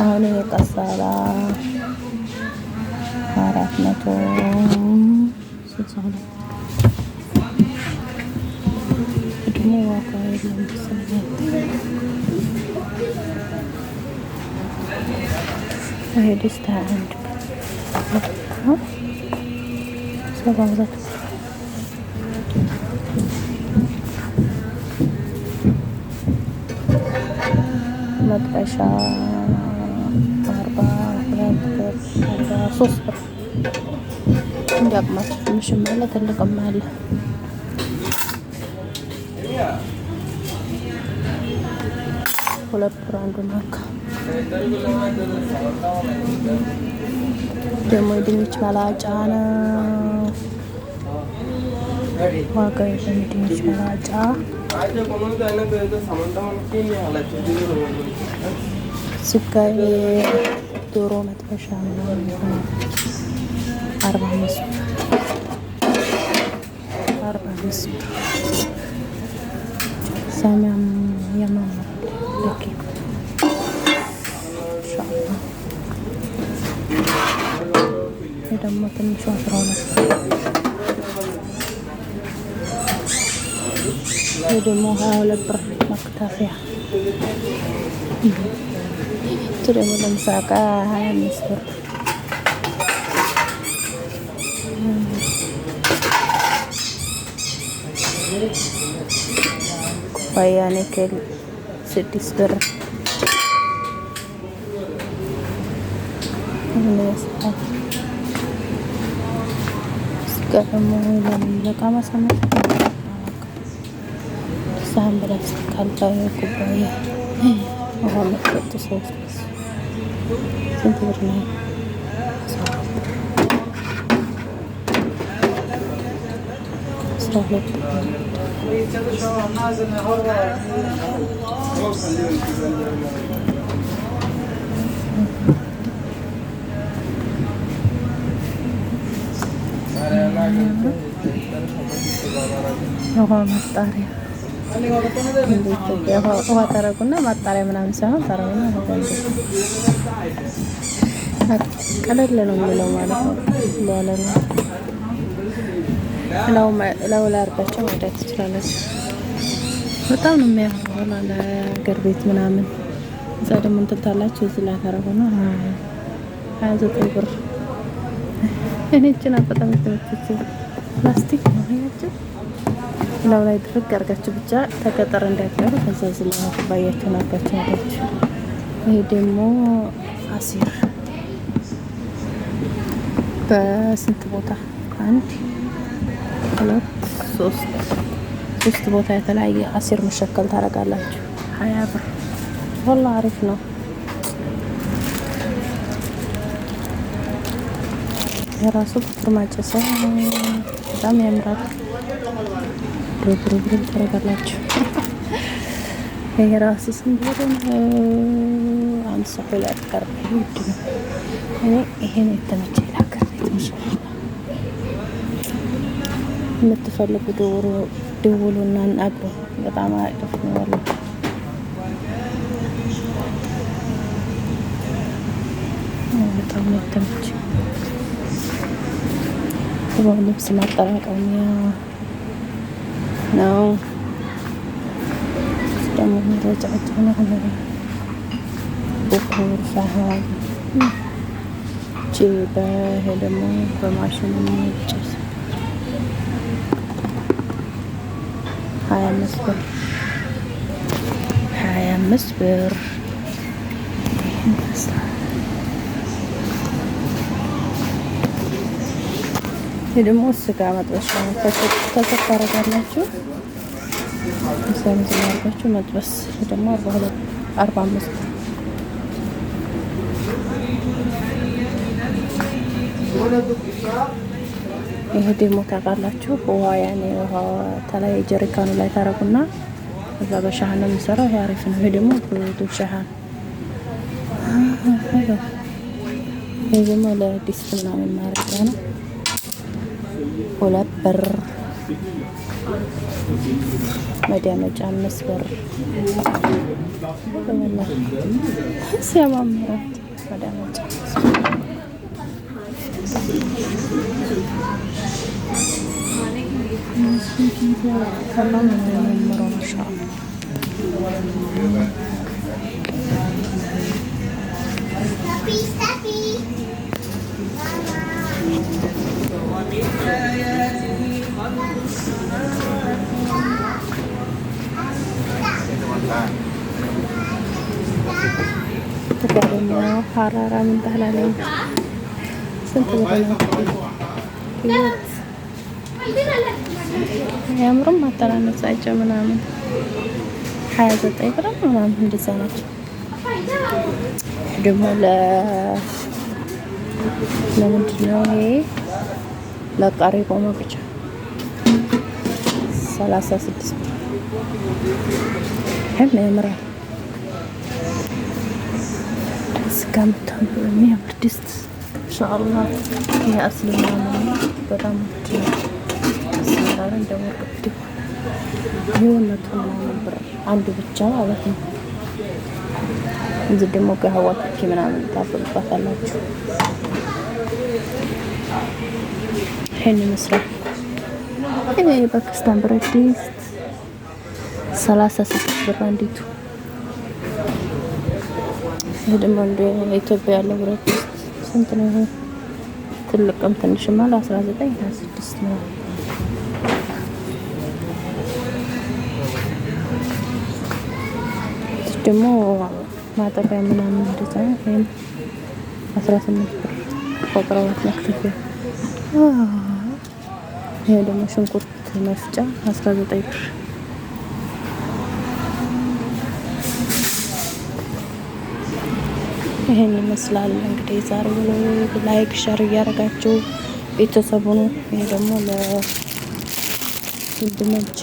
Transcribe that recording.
አሁን የቀስ አራ አራት መቶ ስልሳ ሁለት ደግሞ ዋጋ መጥረሻ ሶስት ብር እንዲያቅማችሁ ትንሽም አለ ትልቅም አለ። ሁለት ብር አንዱን አካ ደግሞ የድንች መላጫ ነው። ዋጋ የድንች መላጫ ስጋ ዶሮ መጥበሻ ምናምን ይሆናል። አርባ አምስት አርባ አምስት ሰሚያም ያማምራል። ደግሞ ትንሹ አስራ ሁለት ይህ ደግሞ ሀያ ሁለት ብር መክተፊያ sudah menempatkan misur पयाने के city square sekarang mulai kama sama sambil sekali tayo ko ba yun oh, makuha ito Sen Sağ vermeyi. Sağ ol. Yok olmaz Darya. ውሃ ታረጉና ማጣሪያ ምናምን ሳይሆን ታረጉና ቀለል ነው የሚለው ማለት ነው። ነው ለው ላይ ትችላለች። በጣም ነው የሚያምረው ለሀገር ቤት ምናምን እዛ ደግሞ እንትን ታላችሁ እዚህ ላይ ታረጉና ሀያ ዘጠኝ ብር እኔ እችን በጣም ፕላስቲክ ነው ላው ላይ ድርግ አርጋችሁ ብቻ ተቀጠር እንዳትቀሩ። ከዛ ዝ ላይ ኩባያችሁን አርጋችሁ ያላችሁ። ይሄ ደግሞ አሲር በስንት ቦታ አንድ ሁለት ሶስት ሶስት ቦታ የተለያየ አሲር መሸከል ታደርጋላችሁ። ሀያ ብር ሁላ አሪፍ ነው። የራሱ ፍርማጭ ሰው በጣም ያምራል። ብርብርብርብ ታደርጋላችሁ። ይሄ ራሱ ስንት ብር ነው? አምሳ ሁለት ቀርብ ውድ ነው። እኔ ይሄን የተመቸ ላገር የምትፈልጉ ደውሉና እናግሩ። በጣም አሪፍ ነው ያለው በጣም ነው የተመቸ ልብስ ማጠራቀሚያ ነው። ደግሞ የሚረጫጭ ነው ቡኩር ሳህን ቺ በሄ ደግሞ በማሽን የሚጭስ ሀያ አምስት ብር ሀያ አምስት ብር ይሄ ደግሞ ስጋ መጥበስ ነው። ተሰፍ ሰምዝ ያርጋችሁ መጥበስ ደግሞ አርባ ሁለት አርባ ይሄ ደግሞ ታውቃላችሁ ውሃ ያኔ ውሃ ተላይ ጀሪካኑ ላይ ታረጉና እዛ በሻህን ነው የሚሰራው። ይሄ አሪፍ ነው። ይሄ ደግሞ ዱብ ሻህን ይህ ደግሞ ለዲስት ምናምን ማረጊያ ነው። ሁለት ብር መዳመጫ አምስት ብር ሲያማምራት መዳመጫ ማሻ ተገርሚያው ሀራራ ምን ታህላለኝ ስንት ያምሩም አጠራነጻቸው ምናምን ሀያ ዘጠኝ ብር ምናምን እንደዛ ናቸው። ደግሞ ለምንድን ነው ይሄ ለቃሪ ቆማ ብቻ 36 ያምራል። ስጋ ምታምሩ የሚያምር ድስት እንሻአላ ይህ ነው። በጣም ውድ ነው። የሆነቱ አንዱ ብቻ ማለት ነው። እዚህ ደግሞ ምናምን ታፈሉባታላችሁ። ይሄን ይመስላል። እኔ የፓኪስታን ብረት ድስት 36 ብር አንዲቱ። ይሄ ደግሞ እንደ ኢትዮጵያ ያለው ብረት ድስት ስንት ነው? ይሄ ትልቅም ትንሽም አለ 19 26 ነው። ደግሞ ማጠቢያ ምናምን እንደዛ ይሄም 18 ብር ቆጥረውት ነው ክፍያ ይሄ ደግሞ ሽንኩርት መፍጫ 19 ብር። ይሄን ይመስላል እንግዲህ ዛሬ ነው። ላይክ ሸር እያደረጋችሁ ቤተሰቡን ይሄ ደግሞ ለወንድሞች